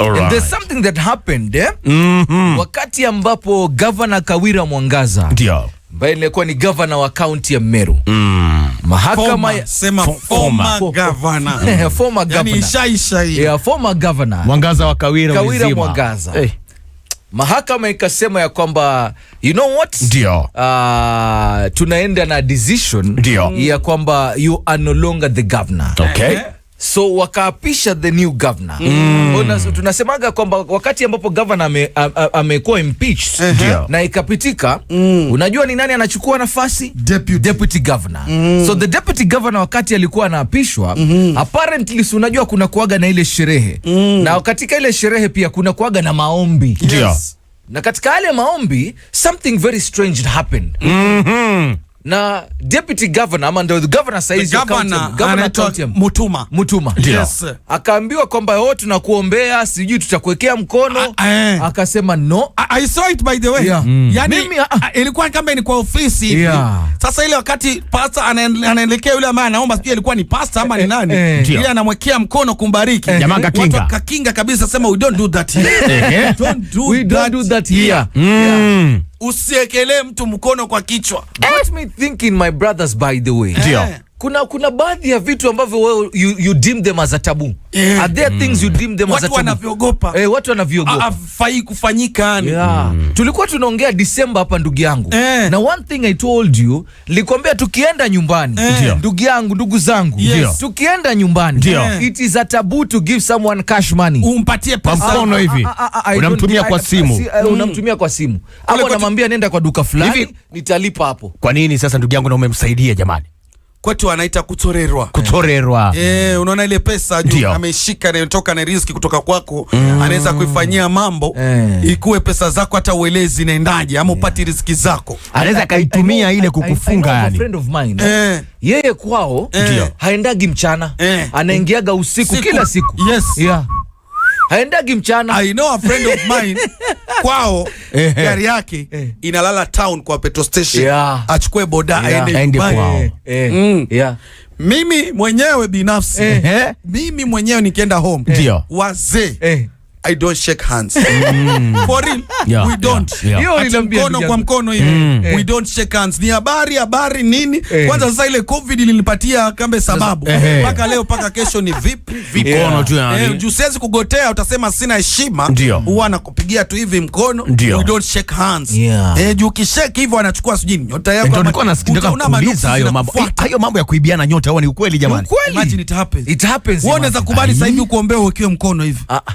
Alright. There's something that happened eh? mm -hmm. Wakati ambapo Gavana Kawira Mwangaza ndio ambaye nilikuwa ni gavana wa kaunti ya Meru mm. Mahakama ya sema former Yani former Mwangaza wa Kawira Kawira Mwangaza. Hey. Mahakama ikasema ya kwamba you know what? Ndio. Uh, tunaenda na decision ya kwamba you are no longer the governor. Okay. Eh, eh so wakaapisha the new governor mm. Tunasemaga kwamba wakati ambapo governor amekuwa ame impeached uh -huh. na ikapitika mm. Unajua ni nani anachukua nafasi? Deputy, deputy governor mm. So the deputy governor wakati alikuwa anaapishwa mm -hmm. Apparently si unajua kuna kuaga na ile sherehe mm. Na katika ile sherehe pia kuna kuaga na maombi yes. Na katika yale maombi something very strange happened mm -hmm na deputy governor ama ndio governor saizi anaitwa Mutuma, Mutuma. Yes. Akaambiwa kwamba wewe oh, tunakuombea, sijui tutakuwekea mkono a, eh. akasema no. I, I saw it by the way. Yeah. Mm. mm. Yani, mimi ah, ah. ilikuwa kama ni kwa ofisi. Yeah. Sasa ile wakati pastor anaelekea yule ambaye anaomba sijui ilikuwa ni pastor ama ni eh, eh, nani? eh, eh. Ile anamwekea mkono kumbariki. Jamaa kakinga. Watu kakinga kabisa sema we don't do that here. Don't do we that don't do that here. here. Mm. Yeah usiekelee mtu mkono kwa kichwa. Got me thinking my brothers by the way. Ndio. Eh kuna kuna baadhi ya vitu ambavyo wewe you, you deem them as a taboo. Yeah. Are there mm. things you deem them watu as a taboo? Watu wanavyogopa. Eh, watu wanavyogopa. afai kufanyika yani. Yeah. Mm. Tulikuwa tunaongea December hapa ndugu yangu. Eh. Na one thing I told you, likwambia tukienda nyumbani, eh. ndugu yangu, ndugu zangu, yes. tukienda nyumbani, eh. it is a taboo to give someone cash money. Umpatie pesa mkono ah, hivi. Ah, ah, unamtumia kwa simu. Eh, mm. Unamtumia kwa simu. au unamwambia nenda kwa duka fulani, nitalipa hapo. Kwa nini sasa ndugu yangu na umemsaidia jamani? kwetu anaita kutorerwa, kutorerwa. Eh, eh, unaona ile pesa juu ameshika inatoka na riziki kutoka kwako mm. anaweza kuifanyia mambo yeah. ikuwe pesa zako hata uelezi inaendaje ama upati yeah. riziki zako, anaweza kaitumia ile kukufunga yani. Friend of mine eh. yeye kwao yeah. haendagi mchana yeah. anaingiaga usiku siku. kila siku yes. yeah haendagi mchana. I know a friend of mine kwao gari yake inalala town kwa petrol station yeah. achukue boda yeah. aende kwao eh. mm. yeah. mimi mwenyewe binafsi eh. mimi mwenyewe nikienda home eh. wazee eh. I don't shake hands. Mm. For real, yeah, we don't. Yeah, yeah. Ati mkono kwa mkono hivi. Mm. Eh. We don't shake hands. Ni habari habari nini? Eh. Kwanza sasa ile COVID ilinipatia kambe sababu. Eh, eh. Mpaka eh, leo mpaka kesho ni vip Vipi mkono tu yani. Eh, usiwezi kugotea utasema sina heshima. Huwa anakupigia tu hivi mkono. Ndio. We don't shake hands. Yeah. Eh, juu kishake hivyo anachukua sijui nyota yako. Ndio nilikuwa nasikia kuuliza hayo mambo. Hayo mambo ya kuibiana nyota huwa ni ukweli jamani. Imagine it happens. It happens. Wewe unaweza kubali sasa hivi kuombewa ukiwe mkono hivi. Ah ah.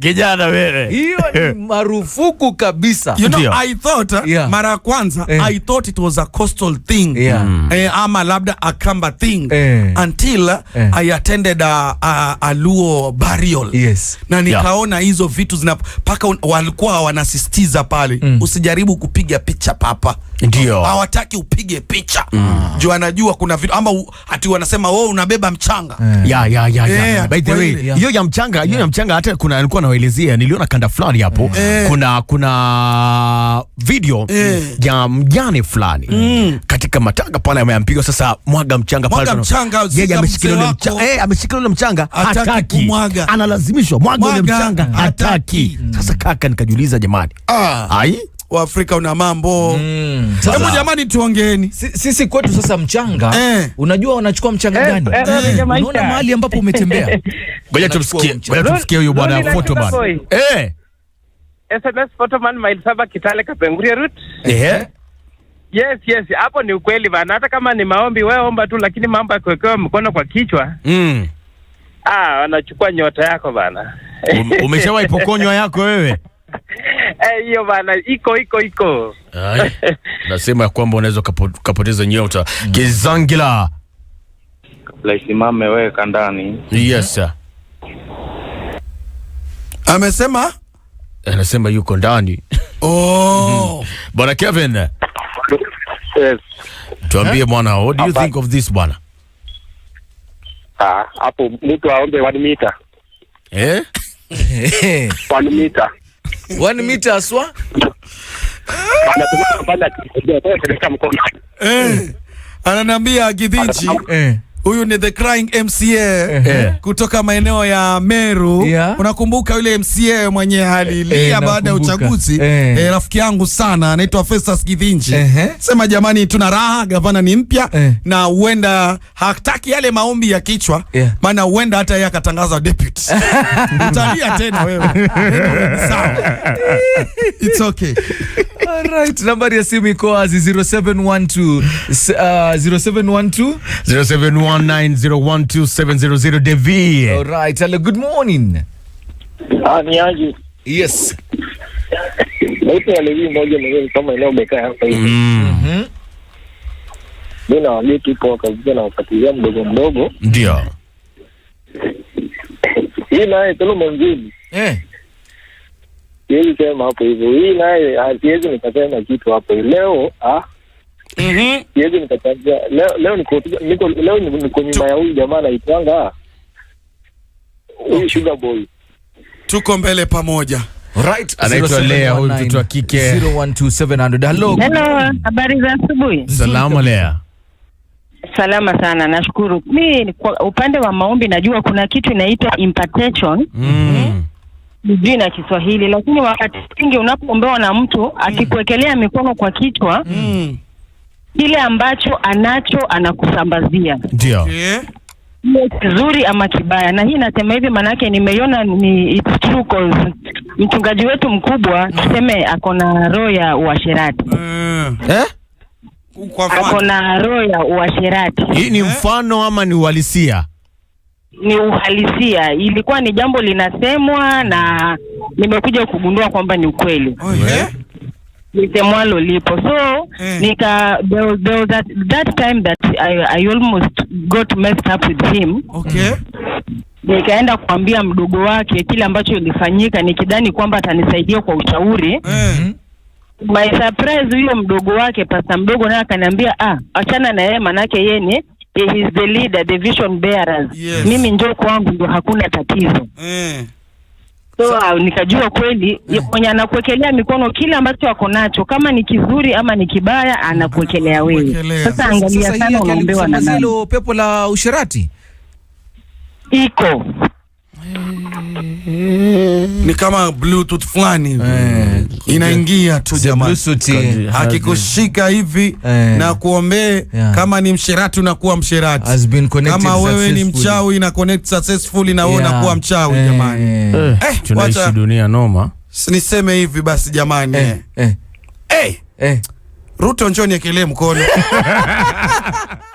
kijana wewe, hiyo ni marufuku kabisa. You know, I thought uh, yeah. Mara ya kwanza yeah. I thought it was a coastal thing yeah. Hmm. eh, ama labda a Kamba thing yeah. until yeah. Uh, eh. I attended a, uh, a, a Luo burial yes. na nikaona yeah. hizo vitu zinapaka walikuwa wanasisitiza pale mm. usijaribu kupiga picha papa ndio hawataki upige picha mm. juu anajua kuna vitu ama hati wanasema wewe oh, unabeba mchanga eh. ya ya ya eh, by the way hiyo ya mchanga hiyo ya mchanga hata kuna alikuwa anaelezea niliona kanda fulani hapo eh. eh. kuna kuna video eh. ya mjane fulani mm. katika matanga pale ameyampiga sasa mwaga mchanga pale mwaga mchanga yeye ameshikilia ile mchanga eh ameshikilia ile mchanga hataki analazimishwa mwaga ile mchanga hataki sasa kaka nikajiuliza jamani ah. ai Waafrika una mambo mm. Hebu jamani, tuongeeni sisi kwetu sasa mchanga eh. Unajua wanachukua mchanga eh, gani eh, eh, eh. Unaona eh, mahali ambapo umetembea, eh, ngoja tumsikie, ngoja tumsikie huyo bwana photoman eh SMS photoman mile saba Kitale Kapenguria route eh Yes, yes, hapo ni ukweli bana. Hata kama ni maombi, wewe omba tu, lakini mambo ya kuwekewa mkono kwa kichwa mm. Ah, wanachukua nyota yako bana. Um, umeshawahi pokonywa yako wewe? Eh, hiyo bana iko iko iko. Nasema ya kwamba unaweza ukapoteza nyota. Kizangila kabla isimame weka ndani. Yes sir. Amesema anasema eh, yuko ndani. Oh. Bwana Kevin. Yes. Tuambie mwana what do you think of this bwana? Ah, hapo mtu aombe 1 meter. Eh? 1 meter. One meter aswa eh, ananiambia Gidhinji eh Huyu ni the crying MCA yeah. kutoka maeneo ya Meru yeah. Unakumbuka yule MCA mwenye alilia yeah, baada ya uchaguzi yeah. Eh, rafiki yangu sana anaitwa Festus Githinji uh -huh. Sema jamani, tuna raha, gavana ni mpya uh eh. -huh. na huenda hataki yale maombi ya kichwa yeah. Maana huenda hata yeye akatangaza deputy utalia tena wewe. It's okay right. nambari ya simu iko wazi 0712 0712 0719012700 Devi. Alright, hello, good morning. Ah, ni aje? Yes. Naitwa Levi mmoja mwenyewe kama eneo mm-hmm. mdogo mdogo. Ndio. Hii naye tulo Eh siwezi sema hapo hivyo, hii naye ah, siwezi nikasema kitu hapo leo ah. Mm-hmm. Siwezi nikachangia leo, leo niko niko leo niko nyuma ya huyu jamaa anaitwanga ah, huyu Sugar Boy, tuko mbele pamoja. Right, anaitwa Lea, huyu mtoto wa kike Hello, habari za asubuhi. Salama Lea. Salama sana, nashukuru. Mi kwa upande wa maombi najua kuna kitu inaitwa impartation mm. Mhm jina Kiswahili, lakini wakati mwingi unapoombewa na mtu akikuwekelea mikono kwa kichwa mm. kile ambacho anacho anakusambazia ndio Kizuri ama kibaya, na hii nasema hivi maanake nimeiona ni it's true cause mchungaji wetu mkubwa mm. tuseme ako na roho ya uasherati mm. eh? eh? ako na roho ya uasherati. Hii ni eh? mfano ama ni uhalisia? ni uhalisia, ilikuwa ni jambo linasemwa na nimekuja kugundua kwamba ni ukweli. Oh, yeah. Eh? lipo so mm. Nika there there was that, that time that I, I almost got messed up with him okay. Nikaenda kuambia mdogo wake kile ambacho ilifanyika nikidhani kwamba atanisaidia kwa ushauri yeah. Mm-hmm. My surprise huyo mdogo wake pasta mdogo naye akaniambia, ah, achana na yeye, manake yeye ni he is the leader, the vision bearers. Yes. Mimi njoo kwangu ndio hakuna tatizo mm. So, so nikajua kweli eh. mwenye anakuwekelea mikono kile ambacho ako nacho, kama ni kizuri ama ni kibaya, anakuwekelea wewe. Sasa angalia sasa sana unaombewa na nani. Hilo pepo la usherati iko ni kama bluetooth fulani hivi. Eh inaingia tu jamani, eh, akikushika hivi eh, na kuombee yeah. Kama ni msherati unakuwa msherati, kama wewe ni mchawi na connect successfully na wewe yeah, unakuwa mchawi eh, jamani eh, eh, tunaishi dunia noma, niseme hivi basi jamani eh, eh. Eh. Eh. Ruto njoni ekelee mkono